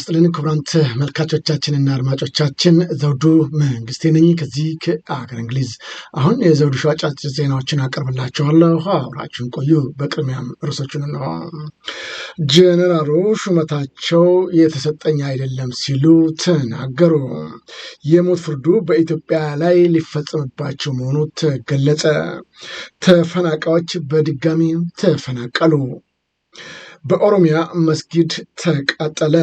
ስጥልን ክቡራን ተመልካቾቻችንና አድማጮቻችን ዘውዱ መንግስቴ ነኝ ከዚህ ከአገር እንግሊዝ። አሁን የዘውዱ ሾው አጫጭር ዜናዎችን አቀርብላችኋለሁ፣ አብራችሁን ቆዩ። በቅድሚያም ርዕሶቹን ነው። ጀነራሉ ሹመታቸው የተሰጠኝ አይደለም ሲሉ ተናገሩ። የሞት ፍርዱ በኢትዮጵያ ላይ ሊፈጸምባቸው መሆኑ ተገለጸ። ተፈናቃዮች በድጋሚ ተፈናቀሉ። በኦሮሚያ መስጊድ ተቃጠለ።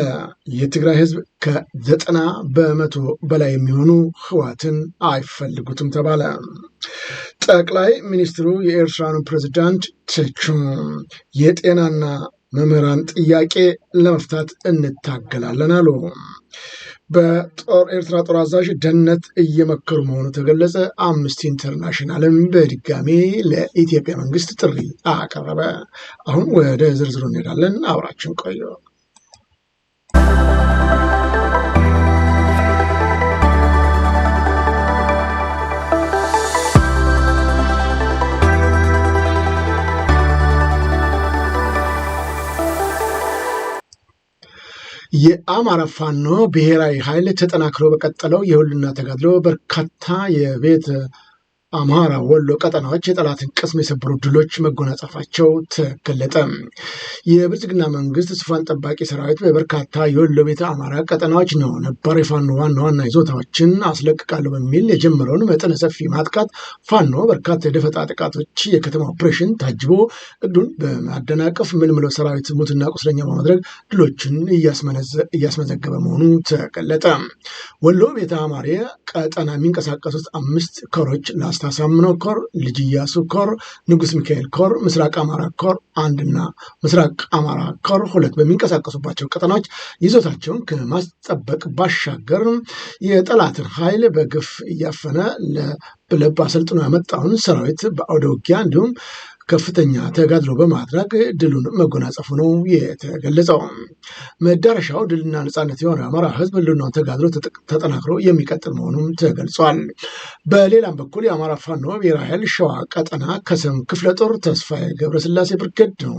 የትግራይ ህዝብ ከዘጠና በመቶ በላይ የሚሆኑ ህዋትን አይፈልጉትም ተባለ። ጠቅላይ ሚኒስትሩ የኤርትራን ፕሬዚዳንት ትቹ። የጤናና መምህራን ጥያቄ ለመፍታት እንታገላለን አሉ። በጦር ኤርትራ ጦር አዛዥ ደህንነት እየመከሩ መሆኑ ተገለጸ። አምነስቲ ኢንተርናሽናልም በድጋሜ ለኢትዮጵያ መንግስት ጥሪ አቀረበ። አሁን ወደ ዝርዝሩ እንሄዳለን። አብራችን ቆዩ። የአማራ ፋኖ ብሔራዊ ኃይል ተጠናክሮ በቀጠለው የሁልና ተጋድሎ በርካታ የቤት አማራ ወሎ ቀጠናዎች የጠላትን ቅስም የሰበሩ ድሎች መጎናጸፋቸው ተገለጠ። የብልጽግና መንግስት ስፋን ጠባቂ ሰራዊት በበርካታ የወሎ ቤተ አማራ ቀጠናዎች ነው ነባር የፋኖ ዋና ዋና ይዞታዎችን አስለቅቃለሁ በሚል የጀመረውን መጠነ ሰፊ ማጥቃት ፋኖ በርካታ የደፈጣ ጥቃቶች፣ የከተማ ኦፕሬሽን ታጅቦ እግዱን በማደናቀፍ ምልምለው ሰራዊት ሙትና ቁስለኛ በማድረግ ድሎችን እያስመዘገበ መሆኑ ተገለጠ። ወሎ ቤተ አማራ ቀጠና የሚንቀሳቀሱት አምስት ከሮች ኦገስት አሳምነው ኮር፣ ልጅ እያሱ ኮር፣ ንጉስ ሚካኤል ኮር፣ ምስራቅ አማራ ኮር አንድና ምስራቅ አማራ ኮር ሁለት በሚንቀሳቀሱባቸው ቀጠናዎች ይዞታቸውን ከማስጠበቅ ባሻገር የጠላትን ኃይል በግፍ እያፈነ ለብ አሰልጥኖ ያመጣውን ሰራዊት በአውደ ውጊያ እንዲሁም ከፍተኛ ተጋድሎ በማድረግ ድሉን መጎናጸፉ ነው የተገለጸው። መዳረሻው ድልና ነጻነት የሆነ አማራ ህዝብ ህልውናውን ተጋድሎ ተጠናክሮ የሚቀጥል መሆኑም ተገልጿል። በሌላም በኩል የአማራ ፋኖ ብሔራዊ ኃይል ሸዋ ቀጠና ከሰም ክፍለ ጦር ተስፋዬ ገብረስላሴ ብርገድ ነው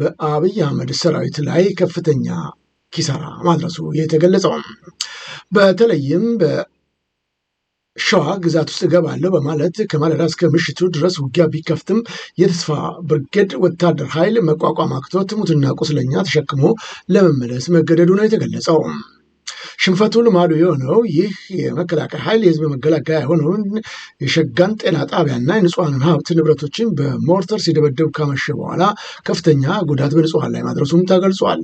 በአብይ አህመድ ሰራዊት ላይ ከፍተኛ ኪሳራ ማድረሱ የተገለጸው በተለይም ሸዋ ግዛት ውስጥ እገባለሁ በማለት ከማለዳ እስከ ምሽቱ ድረስ ውጊያ ቢከፍትም የተስፋ ብርጌድ ወታደር ኃይል መቋቋም አቅቶት ሙትና ቁስለኛ ተሸክሞ ለመመለስ መገደዱ ነው የተገለጸው። ሽንፈቱ ልማዱ የሆነው ይህ የመከላከያ ኃይል የህዝብ መከላከያ የሆነውን የሸጋን ጤና ጣቢያና የንጹሐንን ሀብት ንብረቶችን በሞርተር ሲደበደብ ካመሸ በኋላ ከፍተኛ ጉዳት በንጹሐን ላይ ማድረሱም ተገልጿል።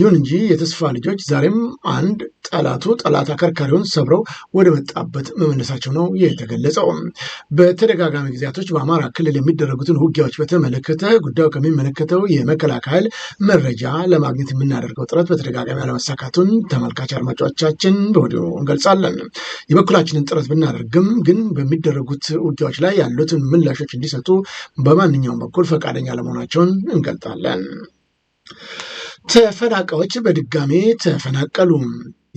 ይሁን እንጂ የተስፋ ልጆች ዛሬም አንድ ጠላቱ ጠላት አከርካሪውን ሰብረው ወደ መጣበት መመለሳቸው ነው የተገለጸው። በተደጋጋሚ ጊዜያቶች በአማራ ክልል የሚደረጉትን ውጊያዎች በተመለከተ ጉዳዩ ከሚመለከተው የመከላከያ ኃይል መረጃ ለማግኘት የምናደርገው ጥረት በተደጋጋሚ አለመሳካቱን ተመልካች አድማጮች መሆናቻችን በወዲሁ እንገልጻለን። የበኩላችንን ጥረት ብናደርግም ግን በሚደረጉት ውጊያዎች ላይ ያሉትን ምላሾች እንዲሰጡ በማንኛውም በኩል ፈቃደኛ ለመሆናቸውን እንገልጣለን። ተፈናቃዮች በድጋሜ ተፈናቀሉ።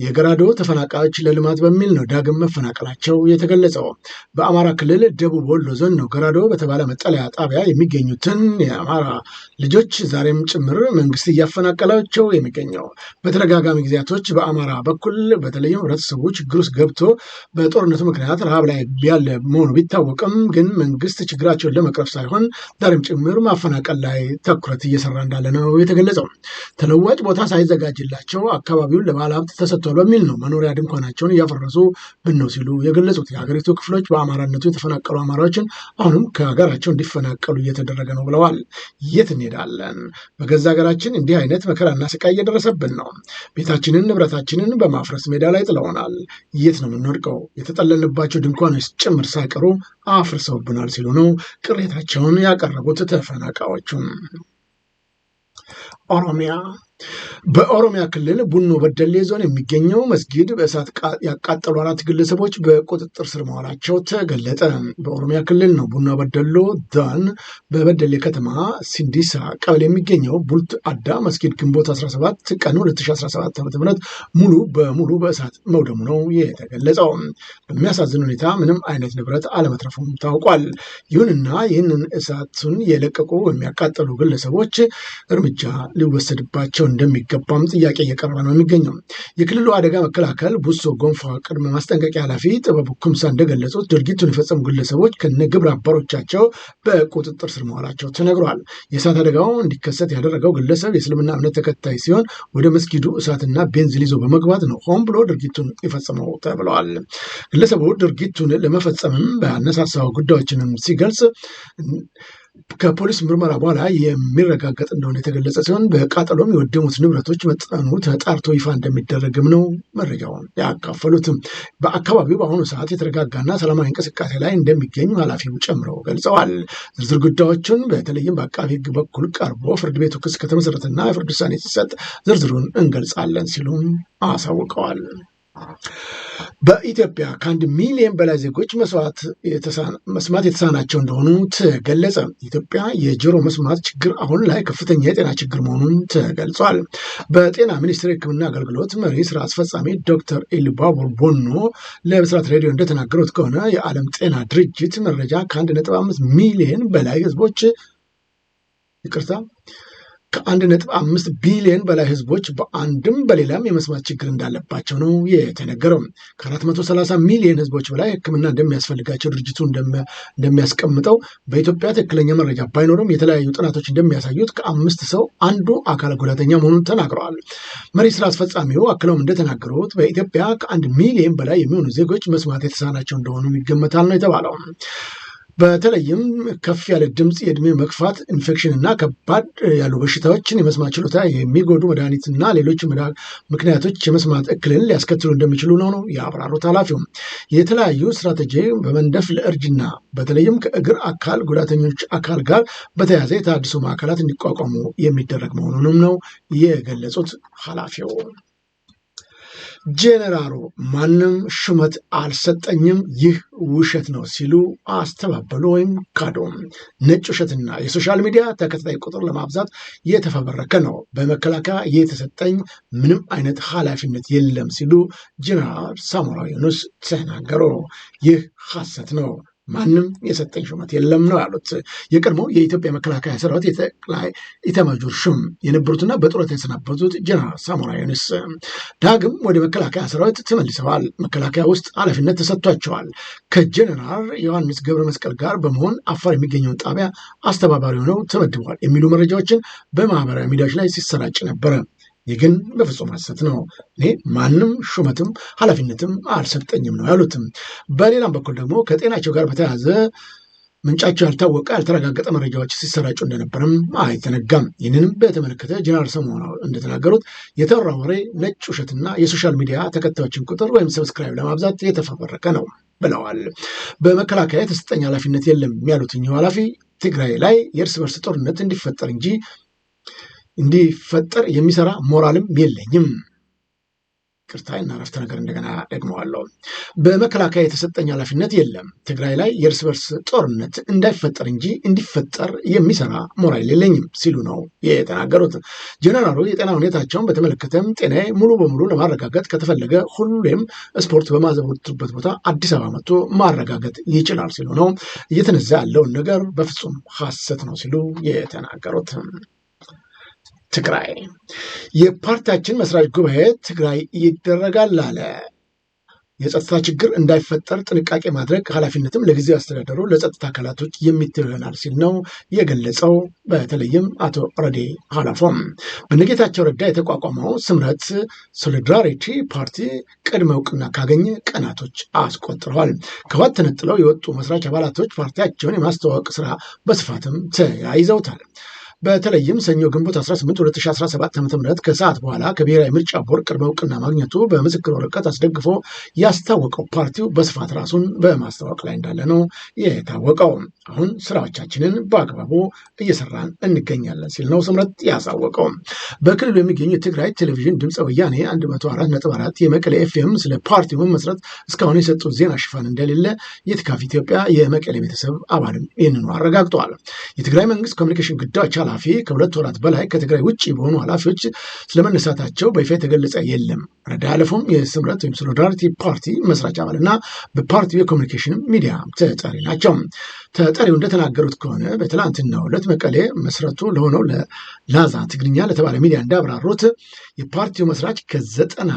የገራዶ ተፈናቃዮች ለልማት በሚል ነው ዳግም መፈናቀላቸው የተገለጸው። በአማራ ክልል ደቡብ ወሎ ዞን ነው ገራዶ በተባለ መጠለያ ጣቢያ የሚገኙትን የአማራ ልጆች ዛሬም ጭምር መንግስት እያፈናቀላቸው የሚገኘው። በተደጋጋሚ ጊዜያቶች በአማራ በኩል በተለይም ህብረተሰቡ ችግር ውስጥ ገብቶ በጦርነቱ ምክንያት ረሃብ ላይ ያለ መሆኑ ቢታወቅም ግን መንግስት ችግራቸውን ለመቅረፍ ሳይሆን ዛሬም ጭምር ማፈናቀል ላይ ትኩረት እየሰራ እንዳለ ነው የተገለጸው። ተለዋጭ ቦታ ሳይዘጋጅላቸው አካባቢውን ለባለሀብት ተሰጥቶ ተፈቷል በሚል ነው መኖሪያ ድንኳናቸውን ብን ነው ሲሉ የገለጹት። የሀገሪቱ ክፍሎች በአማራነቱ የተፈናቀሉ አማራዎችን አሁንም ከሀገራቸው እንዲፈናቀሉ እየተደረገ ነው ብለዋል። የት እንሄዳለን? በገዛ ሀገራችን እንዲህ አይነት መከራና ስቃይ እየደረሰብን ነው። ቤታችንን ንብረታችንን በማፍረስ ሜዳ ላይ ጥለውናል። የት ነው የምንወድቀው? የተጠለልባቸው ድንኳኖች ጭምር ሳይቀሩ አፍርሰውብናል ሲሉ ነው ቅሬታቸውን ያቀረቡት ተፈናቃዮቹም ኦሮሚያ በኦሮሚያ ክልል ቡኖ በደሌ ዞን የሚገኘው መስጊድ በእሳት ያቃጠሉ አራት ግለሰቦች በቁጥጥር ስር መዋላቸው ተገለጠ። በኦሮሚያ ክልል ነው ቡኖ በደሎ ዞን በበደሌ ከተማ ሲንዲሳ ቀበሌ የሚገኘው ቡልት አዳ መስጊድ ግንቦት 17 ቀን 2017 ዓ.ም ሙሉ በሙሉ በእሳት መውደሙ ነው የተገለጸው። በሚያሳዝን ሁኔታ ምንም አይነት ንብረት አለመትረፉም ታውቋል። ይሁንና ይህንን እሳቱን የለቀቁ የሚያቃጠሉ ግለሰቦች እርምጃ ሊወሰድባቸው እንደሚገባም ጥያቄ እየቀረበ ነው የሚገኘው። የክልሉ አደጋ መከላከል ቡሶ ጎንፋ ቅድመ ማስጠንቀቂያ ኃላፊ ጥበቡ ኩምሳ እንደገለጹት ድርጊቱን የፈጸሙ ግለሰቦች ከነ ግብረ በቁጥጥር ስር መዋላቸው ተነግሯል። የእሳት አደጋው እንዲከሰት ያደረገው ግለሰብ የእስልምና እምነት ተከታይ ሲሆን ወደ መስጊዱ እሳትና ቤንዚን ይዞ በመግባት ነው ሆን ብሎ ድርጊቱን የፈጸመው ተብለዋል። ግለሰቡ ድርጊቱን ለመፈጸምም በአነሳሳው ጉዳዮችንም ሲገልጽ ከፖሊስ ምርመራ በኋላ የሚረጋገጥ እንደሆነ የተገለጸ ሲሆን በቃጠሎም የወደሙት ንብረቶች መጠኑ ተጣርቶ ይፋ እንደሚደረግም ነው መረጃውን ያካፈሉትም። በአካባቢው በአሁኑ ሰዓት የተረጋጋና ሰላማዊ እንቅስቃሴ ላይ እንደሚገኝ ኃላፊው ጨምረው ገልጸዋል። ዝርዝር ጉዳዮችን በተለይም በአቃቢ ሕግ በኩል ቀርቦ ፍርድ ቤቱ ክስ ከተመሰረተና የፍርድ ውሳኔ ሲሰጥ ዝርዝሩን እንገልጻለን ሲሉም አሳውቀዋል። በኢትዮጵያ ከአንድ ሚሊዮን በላይ ዜጎች መስማት የተሳናቸው እንደሆኑ ተገለጸ። ኢትዮጵያ የጆሮ መስማት ችግር አሁን ላይ ከፍተኛ የጤና ችግር መሆኑን ተገልጿል። በጤና ሚኒስቴር የሕክምና አገልግሎት መሪ ስራ አስፈጻሚ ዶክተር ኤሊባቡር ቦኖ ለብስራት ሬዲዮ እንደተናገሩት ከሆነ የዓለም ጤና ድርጅት መረጃ ከአንድ ነጥብ አምስት ሚሊዮን በላይ ህዝቦች ይቅርታ ከአንድ ነጥብ አምስት ቢሊዮን በላይ ህዝቦች በአንድም በሌላም የመስማት ችግር እንዳለባቸው ነው የተነገረው። ከአራት መቶ ሰላሳ ሚሊዮን ህዝቦች በላይ ህክምና እንደሚያስፈልጋቸው ድርጅቱ እንደሚያስቀምጠው በኢትዮጵያ ትክክለኛ መረጃ ባይኖርም የተለያዩ ጥናቶች እንደሚያሳዩት ከአምስት ሰው አንዱ አካል ጉዳተኛ መሆኑን ተናግረዋል። መሪ ስራ አስፈጻሚው አክለውም እንደተናገሩት በኢትዮጵያ ከአንድ ሚሊዮን በላይ የሚሆኑ ዜጎች መስማት የተሳናቸው እንደሆኑ ይገመታል ነው የተባለው። በተለይም ከፍ ያለ ድምፅ፣ የእድሜ መግፋት፣ ኢንፌክሽንና ከባድ ያሉ በሽታዎችን የመስማት ችሎታ የሚጎዱ እና ሌሎች ምክንያቶች የመስማት እክልን ሊያስከትሉ እንደሚችሉ ነው ነው የአብራሩት። ኃላፊውም የተለያዩ ስትራቴጂ በመንደፍ ለእርጅና በተለይም ከእግር አካል ጉዳተኞች አካል ጋር በተያያዘ የተሃድሶ ማዕከላት እንዲቋቋሙ የሚደረግ መሆኑንም ነው የገለጹት ኃላፊው። ጄኔራሉ ማንም ሹመት አልሰጠኝም፣ ይህ ውሸት ነው ሲሉ አስተባበሉ ወይም ካዶ ነጭ ውሸትና የሶሻል ሚዲያ ተከታይ ቁጥር ለማብዛት የተፈበረከ ነው። በመከላከያ የተሰጠኝ ምንም አይነት ኃላፊነት የለም ሲሉ ጄኔራል ሳሞራ ዩኑስ ተናገሩ። ይህ ሐሰት ነው። ማንም የሰጠኝ ሹመት የለም ነው ያሉት። የቀድሞ የኢትዮጵያ መከላከያ ሰራዊት የጠቅላይ ኢታማዦር ሹም የነበሩትና በጡረታ የተሰናበቱት ጀነራል ሳሞራ ዩኑስ ዳግም ወደ መከላከያ ሰራዊት ተመልሰዋል። መከላከያ ውስጥ ኃላፊነት ተሰጥቷቸዋል። ከጀነራል ዮሐንስ ገብረ መስቀል ጋር በመሆን አፋር የሚገኘውን ጣቢያ አስተባባሪ ሆነው ተመድበዋል የሚሉ መረጃዎችን በማህበራዊ ሚዲያዎች ላይ ሲሰራጭ ነበረ። ይህ ግን በፍጹም ሐሰት ነው። እኔ ማንም ሹመትም ኃላፊነትም አልሰጠኝም ነው ያሉትም። በሌላም በኩል ደግሞ ከጤናቸው ጋር በተያያዘ ምንጫቸው ያልታወቀ ያልተረጋገጠ መረጃዎች ሲሰራጩ እንደነበረም አይተነጋም። ይህንንም በተመለከተ ጀነራል ሰሞኑ እንደተናገሩት የተወራ ወሬ ነጭ ውሸትና የሶሻል ሚዲያ ተከታዮችን ቁጥር ወይም ሰብስክራይብ ለማብዛት የተፈበረከ ነው ብለዋል። በመከላከያ የተሰጠኝ ኃላፊነት የለም ያሉትኛው ኃላፊ ትግራይ ላይ የእርስ በርስ ጦርነት እንዲፈጠር እንጂ እንዲፈጠር የሚሰራ ሞራልም የለኝም። ቅርታ እና ረፍተ ነገር እንደገና ደግመዋለሁ። በመከላከያ የተሰጠኝ ኃላፊነት የለም። ትግራይ ላይ የእርስ በርስ ጦርነት እንዳይፈጠር እንጂ እንዲፈጠር የሚሰራ ሞራል የለኝም ሲሉ ነው የተናገሩት። ጀነራሉ የጤና ሁኔታቸውን በተመለከተም ጤና ሙሉ በሙሉ ለማረጋገጥ ከተፈለገ ሁሌም ስፖርት በማዘወትሩበት ቦታ አዲስ አበባ መጥቶ ማረጋገጥ ይችላል ሲሉ ነው እየተነዛ ያለውን ነገር በፍጹም ሐሰት ነው ሲሉ የተናገሩት። ትግራይ የፓርቲያችን መስራች ጉባኤ ትግራይ ይደረጋል አለ። የጸጥታ ችግር እንዳይፈጠር ጥንቃቄ ማድረግ ኃላፊነትም ለጊዜ አስተዳደሩ ለጸጥታ አካላቶች የሚተው ይሆናል ሲል ነው የገለጸው። በተለይም አቶ ረዴ ሀላፎም በነጌታቸው ረዳ የተቋቋመው ስምረት ሶሊዳሪቲ ፓርቲ ቅድመ እውቅና ካገኘ ቀናቶች አስቆጥረዋል። ከህወሓት ተነጥለው የወጡ መስራች አባላቶች ፓርቲያቸውን የማስተዋወቅ ስራ በስፋትም ተያይዘውታል። በተለይም ሰኞ ግንቦት 18 2017 ዓ ም ከሰዓት በኋላ ከብሔራዊ ምርጫ ቦርድ ቅድመ እውቅና ማግኘቱ በምስክር ወረቀት አስደግፎ ያስታወቀው ፓርቲው በስፋት ራሱን በማስታወቅ ላይ እንዳለ ነው የታወቀው። አሁን ስራዎቻችንን በአግባቡ እየሰራን እንገኛለን ሲል ነው ስምረት ያሳወቀው። በክልሉ የሚገኙ የትግራይ ቴሌቪዥን ድምፀ ወያኔ 144 የመቀሌ ኤፍኤም ስለ ፓርቲው መመስረት እስካሁን የሰጡት ዜና ሽፋን እንደሌለ የትካፍ ኢትዮጵያ የመቀሌ ቤተሰብ አባልም ይህንኑ አረጋግጠዋል። የትግራይ መንግስት ኮሚኒኬሽን ጉዳዮች ኃላፊ ከሁለት ወራት በላይ ከትግራይ ውጭ በሆኑ ኃላፊዎች ስለመነሳታቸው በይፋ የተገለጸ የለም። ረዳ አለፎም የስምረት ወይም ሶሊዳሪቲ ፓርቲ መስራች አባልና በፓርቲው የኮሚኒኬሽን ሚዲያ ተጠሪ ናቸው። ተጠሪው እንደተናገሩት ከሆነ በትላንትና ዕለት መቀሌ መስረቱ ለሆነው ለላዛ ትግርኛ ለተባለ ሚዲያ እንዳብራሩት የፓርቲው መስራች ከዘጠና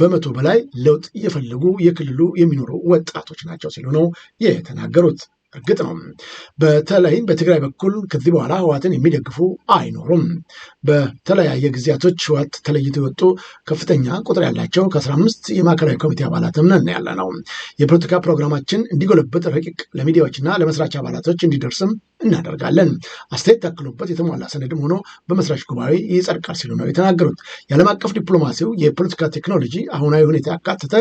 በመቶ በላይ ለውጥ እየፈለጉ የክልሉ የሚኖሩ ወጣቶች ናቸው ሲሉ ነው የተናገሩት። እርግጥ ነው። በተለይም በትግራይ በኩል ከዚህ በኋላ ህዋትን የሚደግፉ አይኖሩም። በተለያየ ጊዜያቶች ህዋት ተለይቶ የወጡ ከፍተኛ ቁጥር ያላቸው ከ15 የማዕከላዊ ኮሚቴ አባላት እምነን ያለ ነው። የፖለቲካ ፕሮግራማችን እንዲጎለብት ረቂቅ ለሚዲያዎችና ለመስራች አባላቶች እንዲደርስም እናደርጋለን። አስተያየት ታክሎበት የተሟላ ሰነድም ሆኖ በመስራች ጉባኤ ይጸድቃል ሲሉ ነው የተናገሩት። የዓለም አቀፍ ዲፕሎማሲው የፖለቲካ ቴክኖሎጂ አሁናዊ ሁኔታ ያካተተ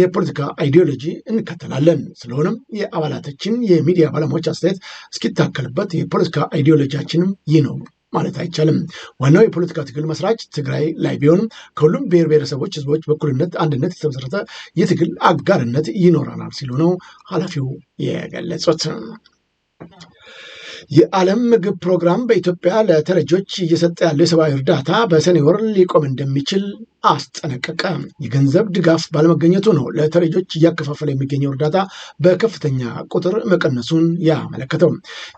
የፖለቲካ አይዲዮሎጂ እንከተላለን። ስለሆነም የአባላታችን የሚዲያ ባለሙያዎች አስተያየት እስኪታከልበት የፖለቲካ አይዲዮሎጂያችንም ይህ ነው ማለት አይቻልም። ዋናው የፖለቲካ ትግል መስራች ትግራይ ላይ ቢሆንም ከሁሉም ብሔር ብሔረሰቦች፣ ህዝቦች በኩልነት አንድነት የተመሰረተ የትግል አጋርነት ይኖረናል ሲሉ ነው ኃላፊው የገለጹት። የዓለም ምግብ ፕሮግራም በኢትዮጵያ ለተረጆች እየሰጠ ያለው የሰብአዊ እርዳታ በሰኔ ወር ሊቆም እንደሚችል አስጠነቀቀ። የገንዘብ ድጋፍ ባለመገኘቱ ነው ለተረጆች እያከፋፈለ የሚገኘው እርዳታ በከፍተኛ ቁጥር መቀነሱን ያመለከተው።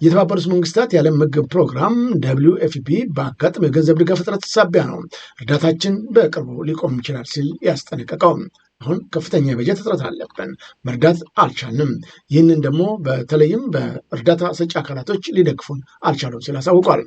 የተባበሩት መንግስታት የዓለም ምግብ ፕሮግራም ደብሊዩ ኤፍፒ በአጋጠመው የገንዘብ ድጋፍ እጥረት ሳቢያ ነው እርዳታችን በቅርቡ ሊቆም ይችላል ሲል ያስጠነቀቀው። አሁን ከፍተኛ የበጀት እጥረት አለብን፣ መርዳት አልቻልንም። ይህንን ደግሞ በተለይም በእርዳታ ሰጪ አካላቶች ሊደግፉን አልቻሉም ሲል አሳውቋል።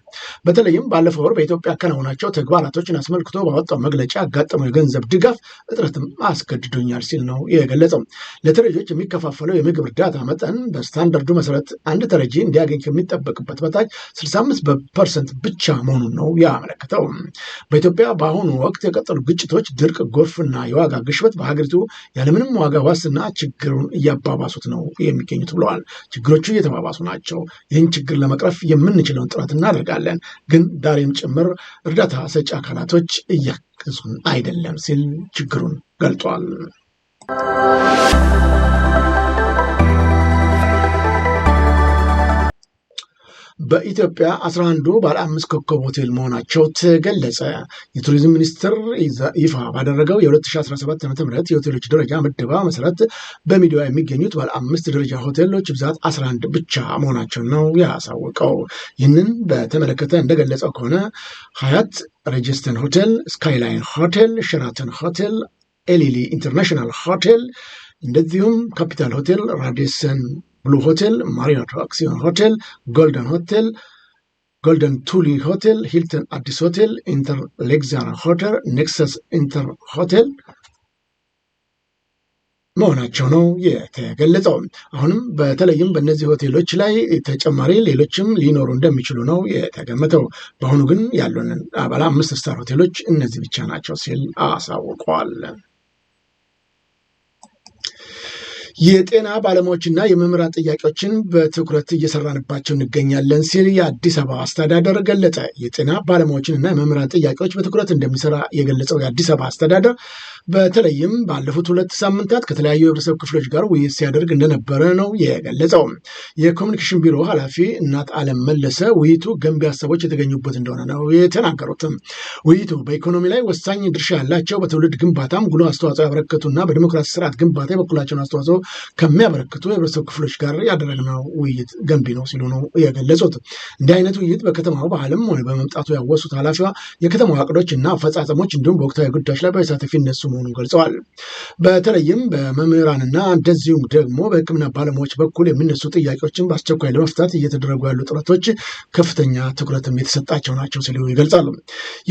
በተለይም ባለፈው ወር በኢትዮጵያ ያከናወናቸው ተግባራቶችን አስመልክቶ ባወጣው መግለጫ ያጋጠመው የገንዘብ ድጋፍ እጥረትም አስገድዶኛል ሲል ነው የገለጸው። ለተረጂዎች የሚከፋፈለው የምግብ እርዳታ መጠን በስታንዳርዱ መሰረት አንድ ተረጂ እንዲያገኝ ከሚጠበቅበት በታች 65 ፐርሰንት ብቻ መሆኑን ነው ያመለክተው። በኢትዮጵያ በአሁኑ ወቅት የቀጠሉ ግጭቶች፣ ድርቅ፣ ጎርፍና የዋጋ ግሽበት ሀገሪቱ ያለምንም ዋጋ ዋስና ችግሩን እያባባሱት ነው የሚገኙት ብለዋል። ችግሮቹ እየተባባሱ ናቸው። ይህን ችግር ለመቅረፍ የምንችለውን ጥረት እናደርጋለን፣ ግን ዳሬም ጭምር እርዳታ ሰጪ አካላቶች እያገዙን አይደለም ሲል ችግሩን ገልጧል። በኢትዮጵያ አስራ አንዱ ባለ አምስት ኮከብ ሆቴል መሆናቸው ተገለጸ። የቱሪዝም ሚኒስቴር ይፋ ባደረገው የ2017 ዓ ም የሆቴሎች ደረጃ ምደባ መሰረት በሚዲያ የሚገኙት ባለ አምስት ደረጃ ሆቴሎች ብዛት 11 ብቻ መሆናቸው ነው ያሳወቀው። ይህንን በተመለከተ እንደገለጸው ከሆነ ሀያት ሬጀስተን ሆቴል፣ ስካይላይን ሆቴል፣ ሸራተን ሆቴል፣ ኤሊሊ ኢንተርናሽናል ሆቴል እንደዚሁም ካፒታል ሆቴል፣ ራዲሰን ብሉ ሆቴል፣ ማሪዮት አክሲዮን ሆቴል፣ ጎልደን ሆቴል ጎልደን ቱሊ ሆቴል፣ ሂልተን አዲስ ሆቴል፣ ኢንተር ሌክዛር ሆቴል፣ ኔክሰስ ኢንተር ሆቴል መሆናቸው ነው የተገለጸው። አሁንም በተለይም በእነዚህ ሆቴሎች ላይ ተጨማሪ ሌሎችም ሊኖሩ እንደሚችሉ ነው የተገመተው። በአሁኑ ግን ያሉንን አባላ አምስት ስታር ሆቴሎች እነዚህ ብቻ ናቸው ሲል አሳውቀዋል። የጤና ባለሙያዎችና የመምህራን ጥያቄዎችን በትኩረት እየሰራንባቸው እንገኛለን ሲል የአዲስ አበባ አስተዳደር ገለጸ። የጤና ባለሙያዎችንና የመምህራን ጥያቄዎች በትኩረት እንደሚሰራ የገለጸው የአዲስ አበባ አስተዳደር በተለይም ባለፉት ሁለት ሳምንታት ከተለያዩ የህብረተሰብ ክፍሎች ጋር ውይይት ሲያደርግ እንደነበረ ነው የገለጸው። የኮሚኒኬሽን ቢሮ ኃላፊ እናት አለም መለሰ ውይይቱ ገንቢ ሀሳቦች የተገኙበት እንደሆነ ነው የተናገሩት። ውይይቱ በኢኮኖሚ ላይ ወሳኝ ድርሻ ያላቸው በትውልድ ግንባታም ጉልህ አስተዋጽኦ ያበረከቱና በዲሞክራሲ ስርዓት ግንባታ የበኩላቸውን አስተዋጽኦ ከሚያበረክቱ የህብረተሰብ ክፍሎች ጋር ያደረግነው ውይይት ገንቢ ነው ሲሉ ነው የገለጹት። እንዲህ አይነት ውይይት በከተማው ባህልም ሆነ በመምጣቱ ያወሱት ኃላፊዋ የከተማው አቅዶች እና አፈጻጸሞች እንዲሁም በወቅታዊ ጉዳዮች ላይ በሳተፊ እነሱ መሆኑን ገልጸዋል። በተለይም በመምህራንና እንደዚሁም ደግሞ በሕክምና ባለሙያዎች በኩል የሚነሱ ጥያቄዎችን በአስቸኳይ ለመፍታት እየተደረጉ ያሉ ጥረቶች ከፍተኛ ትኩረትም የተሰጣቸው ናቸው ሲሉ ይገልጻሉ።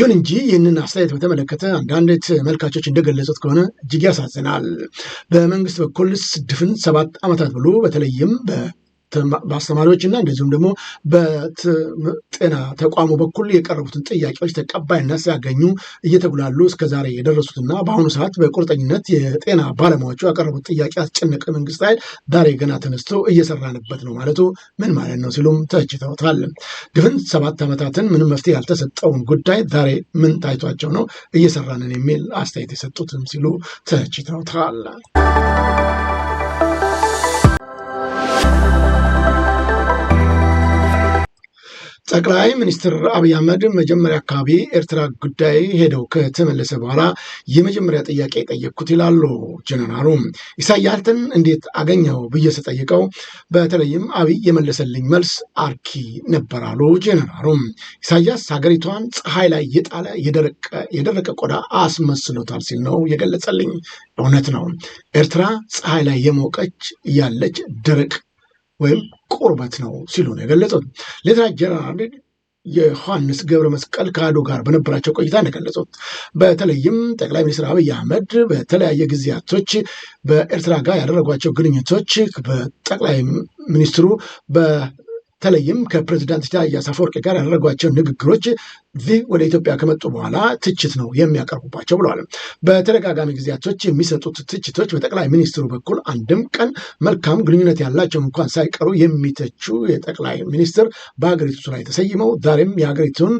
ይሁን እንጂ ይህንን አስተያየት በተመለከተ አንዳንድ ተመልካቾች እንደገለጹት ከሆነ እጅግ ያሳዝናል። በመንግስት በኩል ድፍን ሰባት ዓመታት ብሎ በተለይም በአስተማሪዎችና እንደዚሁም ደግሞ በጤና ተቋሙ በኩል የቀረቡትን ጥያቄዎች ተቀባይነት ሲያገኙ እየተጉላሉ እስከዛሬ የደረሱትና በአሁኑ ሰዓት በቁርጠኝነት የጤና ባለሙያዎቹ ያቀረቡት ጥያቄ አስጨነቀ መንግስት ኃይል ዛሬ ገና ተነስቶ እየሰራንበት ነው ማለቱ ምን ማለት ነው ሲሉም ተችተውታል። ድፍን ሰባት ዓመታትን ምንም መፍትሄ ያልተሰጠውን ጉዳይ ዛሬ ምን ታይቷቸው ነው እየሰራንን የሚል አስተያየት የሰጡትም ሲሉ ተችተውታል። ጠቅላይ ሚኒስትር አብይ አህመድ መጀመሪያ አካባቢ ኤርትራ ጉዳይ ሄደው ከተመለሰ በኋላ የመጀመሪያ ጥያቄ ጠየቅኩት ይላሉ ጀነራሉ። ኢሳያስን እንዴት አገኘው ብዬ ስጠይቀው በተለይም አብይ የመለሰልኝ መልስ አርኪ ነበራሉ ጀነራሉ። ኢሳያስ ሀገሪቷን ፀሐይ ላይ የጣለ የደረቀ ቆዳ አስመስሎታል ሲል ነው የገለጸልኝ። እውነት ነው። ኤርትራ ፀሐይ ላይ የሞቀች ያለች ደረቅ ወይም ቁርበት ነው ሲሉ ነው የገለጹት። ሌተና ጀነራል የዮሐንስ ገብረ መስቀል ከአዶ ጋር በነበራቸው ቆይታ እንደገለጹት በተለይም ጠቅላይ ሚኒስትር አብይ አህመድ በተለያየ ጊዜያቶች በኤርትራ ጋር ያደረጓቸው ግንኙቶች በጠቅላይ ሚኒስትሩ በተለይም ከፕሬዚዳንት ኢሳያስ አፈወርቂ ጋር ያደረጓቸው ንግግሮች እዚህ ወደ ኢትዮጵያ ከመጡ በኋላ ትችት ነው የሚያቀርቡባቸው ብለዋል። በተደጋጋሚ ጊዜያቶች የሚሰጡት ትችቶች በጠቅላይ ሚኒስትሩ በኩል አንድም ቀን መልካም ግንኙነት ያላቸውን እንኳን ሳይቀሩ የሚተቹ የጠቅላይ ሚኒስትር በሀገሪቱ ላይ ተሰይመው ዛሬም የሀገሪቱን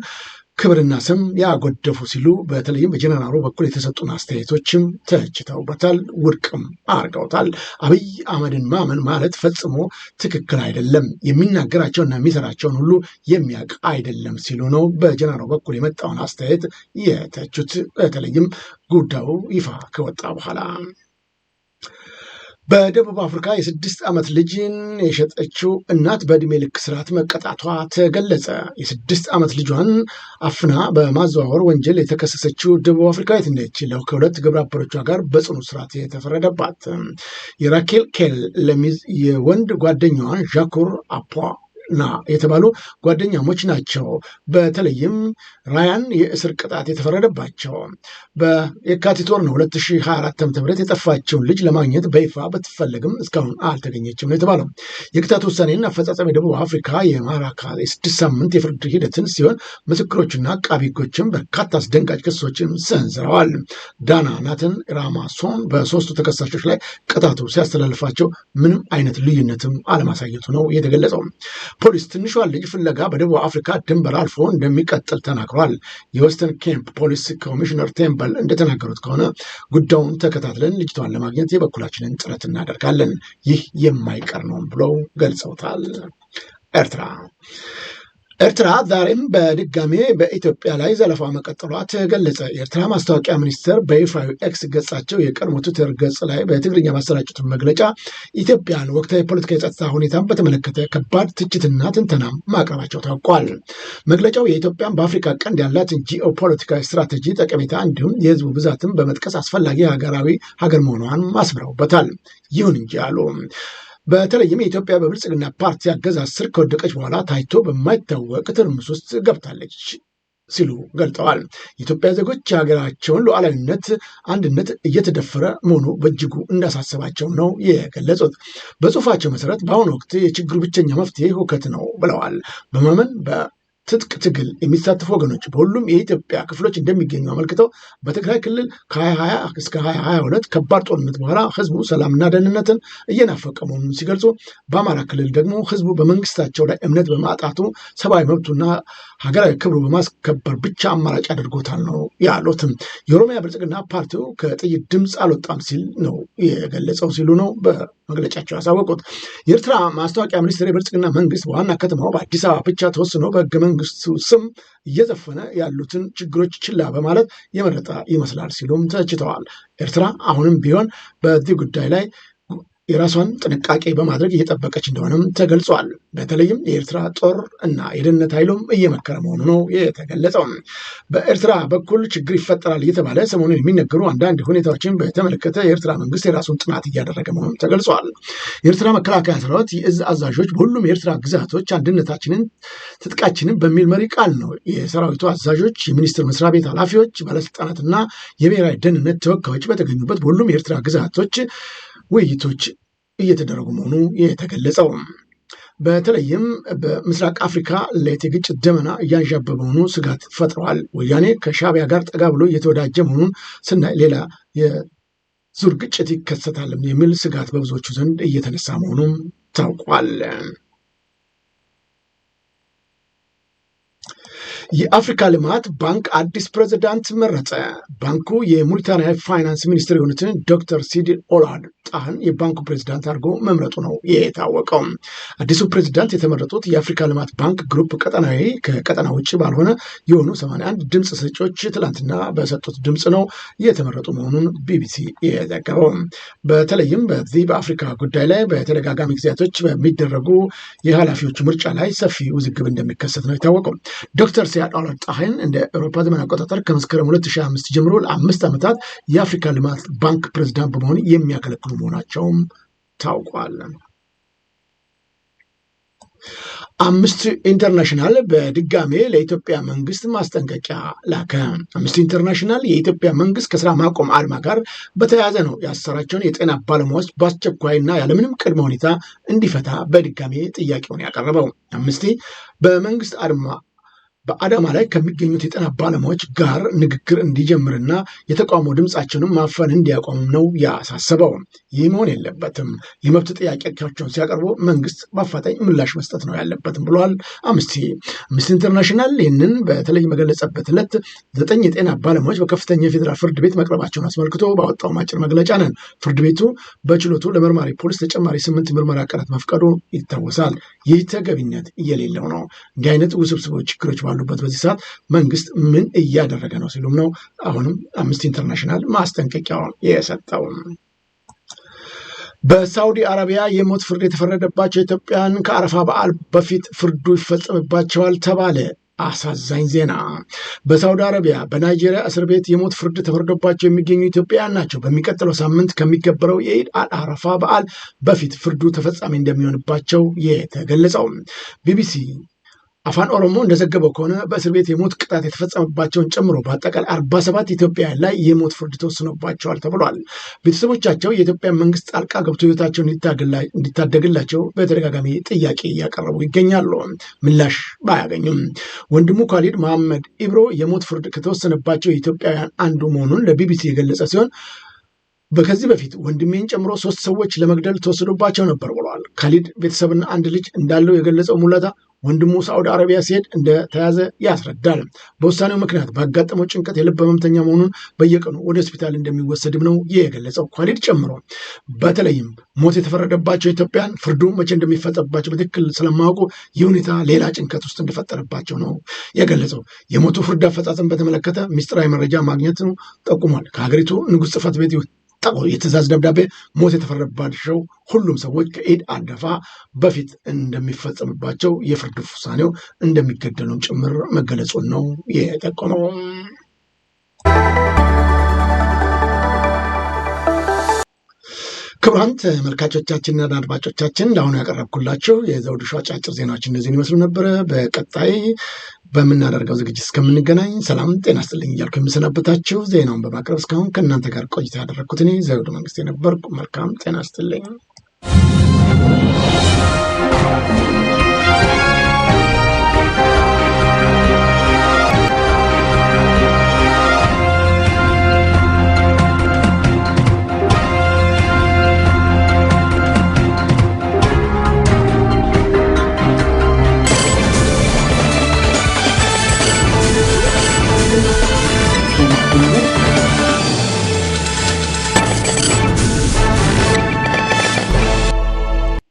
ክብርና ስም ያጎደፉ ሲሉ በተለይም በጀነራሉ በኩል የተሰጡን አስተያየቶችም ተችተውበታል፣ ውድቅም አርገውታል አብይ አህመድን ማመን ማለት ፈጽሞ ትክክል አይደለም፣ የሚናገራቸውና የሚሰራቸውን ሁሉ የሚያውቅ አይደለም ሲሉ ነው በጀነራሉ በኩል የመጣውን አስተያየት የተቹት። በተለይም ጉዳዩ ይፋ ከወጣ በኋላ በደቡብ አፍሪካ የስድስት ዓመት ልጅን የሸጠችው እናት በእድሜ ልክ ስርዓት መቀጣቷ ተገለጸ። የስድስት ዓመት ልጇን አፍና በማዘዋወር ወንጀል የተከሰሰችው ደቡብ አፍሪካዊት ነች። ከሁለት ግብረ አበሮቿ ጋር በጽኑ ስርዓት የተፈረደባት የራኬል ኬል ለሚዝ የወንድ ጓደኛዋን ዣኩር አፖ ና የተባሉ ጓደኛሞች ናቸው። በተለይም ራያን የእስር ቅጣት የተፈረደባቸው በየካቲት ወር ነው 2024 ም የጠፋቸውን ልጅ ለማግኘት በይፋ ብትፈለግም እስካሁን አልተገኘችም ነው የተባለው። የቅጣት ውሳኔን አፈጻጸም የደቡብ አፍሪካ የማራካ የስድስት ሳምንት የፍርድ ሂደትን ሲሆን ምስክሮችና አቃቢ በርካታ አስደንጋጭ ክሶችን ሰንዝረዋል። ዳና ናትን ራማሶን በሶስቱ ተከሳሾች ላይ ቅጣቱ ሲያስተላልፋቸው ምንም አይነት ልዩነትም አለማሳየቱ ነው የተገለጸው። ፖሊስ ትንሿን ልጅ ፍለጋ በደቡብ አፍሪካ ድንበር አልፎ እንደሚቀጥል ተናግሯል። የወስተን ኬምፕ ፖሊስ ኮሚሽነር ቴምበል እንደተናገሩት ከሆነ ጉዳዩን ተከታትለን ልጅቷን ለማግኘት የበኩላችንን ጥረት እናደርጋለን። ይህ የማይቀር ነው ብለው ገልጸውታል። ኤርትራ ኤርትራ ዛሬም በድጋሜ በኢትዮጵያ ላይ ዘለፋ መቀጠሏ ተገለጸ። የኤርትራ ማስታወቂያ ሚኒስትር በይፋዊ ኤክስ ገጻቸው የቀድሞ ትዊተር ገጽ ላይ በትግርኛ ማሰራጨቱ መግለጫ ኢትዮጵያን ወቅታዊ የፖለቲካ የጸጥታ ሁኔታን በተመለከተ ከባድ ትችትና ትንተና ማቅረባቸው ታውቋል። መግለጫው የኢትዮጵያን በአፍሪካ ቀንድ ያላትን ጂኦ ፖለቲካዊ ስትራቴጂ ጠቀሜታ፣ እንዲሁም የህዝቡ ብዛትን በመጥቀስ አስፈላጊ ሀገራዊ ሀገር መሆኗን አስምረውበታል። ይሁን እንጂ አሉ በተለይም የኢትዮጵያ በብልጽግና ፓርቲ አገዛዝ ስር ከወደቀች በኋላ ታይቶ በማይታወቅ ትርምስ ውስጥ ገብታለች ሲሉ ገልጠዋል። የኢትዮጵያ ዜጎች የሀገራቸውን ሉዓላዊነት፣ አንድነት እየተደፈረ መሆኑ በእጅጉ እንዳሳሰባቸው ነው የገለጹት። በጽሁፋቸው መሰረት በአሁኑ ወቅት የችግሩ ብቸኛ መፍትሄ ሁከት ነው ብለዋል። በማመን ትጥቅ ትግል የሚሳተፉ ወገኖች በሁሉም የኢትዮጵያ ክፍሎች እንደሚገኙ አመልክተው በትግራይ ክልል ከ2020 እስከ 2022 ከባድ ጦርነት በኋላ ህዝቡ ሰላምና ደህንነትን እየናፈቀ መሆኑን ሲገልጹ፣ በአማራ ክልል ደግሞ ህዝቡ በመንግስታቸው ላይ እምነት በማጣቱ ሰብአዊ መብቱና ሀገራዊ ክብሩ በማስከበር ብቻ አማራጭ አድርጎታል ነው ያሉትም። የኦሮሚያ ብልጽግና ፓርቲው ከጥይት ድምፅ አልወጣም ሲል ነው የገለጸው ሲሉ ነው በመግለጫቸው ያሳወቁት። የኤርትራ ማስታወቂያ ሚኒስትር የብልጽግና መንግስት በዋና ከተማው በአዲስ አበባ ብቻ ተወስኖ በህገ መንግስቱ ስም እየዘፈነ ያሉትን ችግሮች ችላ በማለት የመረጠ ይመስላል ሲሉም ተችተዋል። ኤርትራ አሁንም ቢሆን በዚህ ጉዳይ ላይ የራሷን ጥንቃቄ በማድረግ እየጠበቀች እንደሆነም ተገልጿል። በተለይም የኤርትራ ጦር እና የደህንነት ኃይሉም እየመከረ መሆኑ ነው የተገለጸው። በኤርትራ በኩል ችግር ይፈጠራል እየተባለ ሰሞኑን የሚነገሩ አንዳንድ ሁኔታዎችን በተመለከተ የኤርትራ መንግስት የራሱን ጥናት እያደረገ መሆኑ ተገልጿል። የኤርትራ መከላከያ ሰራዊት የእዝ አዛዦች በሁሉም የኤርትራ ግዛቶች አንድነታችንን ትጥቃችንን በሚል መሪ ቃል ነው የሰራዊቱ አዛዦች፣ የሚኒስትር መስሪያ ቤት ኃላፊዎች፣ ባለስልጣናትና የብሔራዊ ደህንነት ተወካዮች በተገኙበት በሁሉም የኤርትራ ግዛቶች ውይይቶች እየተደረጉ መሆኑ የተገለጸው በተለይም በምስራቅ አፍሪካ ለት የግጭት ደመና እያንዣበበ መሆኑ ስጋት ፈጥረዋል። ወያኔ ከሻቢያ ጋር ጠጋ ብሎ እየተወዳጀ መሆኑን ስናይ ሌላ የዙር ግጭት ይከሰታል የሚል ስጋት በብዙዎቹ ዘንድ እየተነሳ መሆኑም ታውቋል። የአፍሪካ ልማት ባንክ አዲስ ፕሬዝዳንት መረጠ። ባንኩ የሞሪታንያ ፋይናንስ ሚኒስትር የሆኑትን ዶክተር ሲዲ ኦላድ ጣህን የባንኩ ፕሬዝዳንት አድርጎ መምረጡ ነው የታወቀው። አዲሱ ፕሬዝዳንት የተመረጡት የአፍሪካ ልማት ባንክ ግሩፕ ቀጠናዊ ከቀጠና ውጭ ባልሆነ የሆኑ 81 ድምፅ ሰጪዎች ትላንትና በሰጡት ድምፅ ነው የተመረጡ መሆኑን ቢቢሲ የዘገበው። በተለይም በዚህ በአፍሪካ ጉዳይ ላይ በተደጋጋሚ ጊዜያቶች በሚደረጉ የኃላፊዎች ምርጫ ላይ ሰፊ ውዝግብ እንደሚከሰት ነው የታወቀው ዶክተር ያጣሏት ፀሐይን እንደ ኤሮፓ ዘመን አቆጣጠር ከመስከረም 2025 ጀምሮ ለአምስት ዓመታት የአፍሪካ ልማት ባንክ ፕሬዚዳንት በመሆን የሚያገለግሉ መሆናቸውም ታውቋል። አምነስቲ ኢንተርናሽናል በድጋሜ ለኢትዮጵያ መንግስት ማስጠንቀቂያ ላከ። አምነስቲ ኢንተርናሽናል የኢትዮጵያ መንግስት ከስራ ማቆም አድማ ጋር በተያያዘ ነው ያሰራቸውን የጤና ባለሙያዎች በአስቸኳይና ያለምንም ቅድመ ሁኔታ እንዲፈታ በድጋሜ ጥያቄውን ያቀረበው። አምነስቲ በመንግስት አድማ በአዳማ ላይ ከሚገኙት የጤና ባለሙያዎች ጋር ንግግር እንዲጀምርና የተቃውሞ ድምፃቸውንም ማፈን እንዲያቆም ነው ያሳሰበው። ይህ መሆን የለበትም። የመብት ጥያቄያቸውን ሲያቀርቡ መንግስት በአፋጣኝ ምላሽ መስጠት ነው ያለበትም ብለዋል። አምስቲ አምስቲ ኢንተርናሽናል ይህንን በተለይ መገለጸበት ዕለት ዘጠኝ የጤና ባለሙያዎች በከፍተኛ የፌዴራል ፍርድ ቤት መቅረባቸውን አስመልክቶ ባወጣው አጭር መግለጫ ነን ፍርድ ቤቱ በችሎቱ ለመርማሪ ፖሊስ ተጨማሪ ስምንት ምርመራ ቀናት መፍቀዱ ይታወሳል። ይህ ተገቢነት የሌለው ነው። እንዲህ አይነት ውስብስቦች ችግሮች ባሉ ባሉበት በዚህ ሰዓት መንግስት ምን እያደረገ ነው ሲሉም ነው አሁንም አምነስቲ ኢንተርናሽናል ማስጠንቀቂያውን የሰጠው። በሳውዲ አረቢያ የሞት ፍርድ የተፈረደባቸው ኢትዮጵያን ከአረፋ በዓል በፊት ፍርዱ ይፈጸምባቸዋል ተባለ። አሳዛኝ ዜና። በሳውዲ አረቢያ በናይጄሪያ እስር ቤት የሞት ፍርድ ተፈርዶባቸው የሚገኙ ኢትዮጵያውያን ናቸው። በሚቀጥለው ሳምንት ከሚከበረው የኢድ አል አረፋ በዓል በፊት ፍርዱ ተፈጻሚ እንደሚሆንባቸው የተገለጸው ቢቢሲ አፋን ኦሮሞ እንደዘገበው ከሆነ በእስር ቤት የሞት ቅጣት የተፈጸመባቸውን ጨምሮ በአጠቃላይ አርባ ሰባት ኢትዮጵያውያን ላይ የሞት ፍርድ ተወስኖባቸዋል ተብሏል። ቤተሰቦቻቸው የኢትዮጵያ መንግስት ጣልቃ ገብቶ ህይወታቸውን እንዲታደግላቸው በተደጋጋሚ ጥያቄ እያቀረቡ ይገኛሉ። ምላሽ ባያገኙም ወንድሙ ካሊድ መሐመድ ኢብሮ የሞት ፍርድ ከተወሰነባቸው የኢትዮጵያውያን አንዱ መሆኑን ለቢቢሲ የገለጸ ሲሆን በከዚህ በፊት ወንድሜን ጨምሮ ሶስት ሰዎች ለመግደል ተወስዶባቸው ነበር ብለዋል። ካሊድ ቤተሰብና አንድ ልጅ እንዳለው የገለጸው ሙላታ ወንድሙ ሳዑዲ አረቢያ ሲሄድ እንደተያዘ ያስረዳል። በውሳኔው ምክንያት ባጋጠመው ጭንቀት የልብ ህመምተኛ መሆኑን በየቀኑ ወደ ሆስፒታል እንደሚወሰድም ነው የገለጸው። ኳሊድ ጨምሮ በተለይም ሞት የተፈረደባቸው ኢትዮጵያን ፍርዱ መቼ እንደሚፈጸምባቸው በትክክል ስለማያውቁ ይህ ሁኔታ ሌላ ጭንቀት ውስጥ እንደፈጠረባቸው ነው የገለጸው። የሞቱ ፍርድ አፈጻጸም በተመለከተ ሚስጥራዊ መረጃ ማግኘት ጠቁሟል። ከሀገሪቱ ንጉሥ ጽፈት ቤት የተሰጠው የትእዛዝ ደብዳቤ ሞት የተፈረደባቸው ሁሉም ሰዎች ከኢድ አደፋ በፊት እንደሚፈጸምባቸው የፍርድ ውሳኔው እንደሚገደሉም ጭምር መገለጹን ነው የጠቆመው። ክቡራን ተመልካቾቻችንና አድማጮቻችን ለአሁኑ ያቀረብኩላችሁ የዘውዱ ሾው አጫጭር ዜናዎች እነዚህን ይመስሉ ነበረ። በቀጣይ በምናደርገው ዝግጅት እስከምንገናኝ ሰላም ጤና ስጥልኝ እያልኩ የምሰናበታችሁ ዜናውን በማቅረብ እስካሁን ከእናንተ ጋር ቆይታ ያደረግኩት እኔ ዘውዱ መንግስት የነበርኩ መልካም ጤና ስጥልኝ።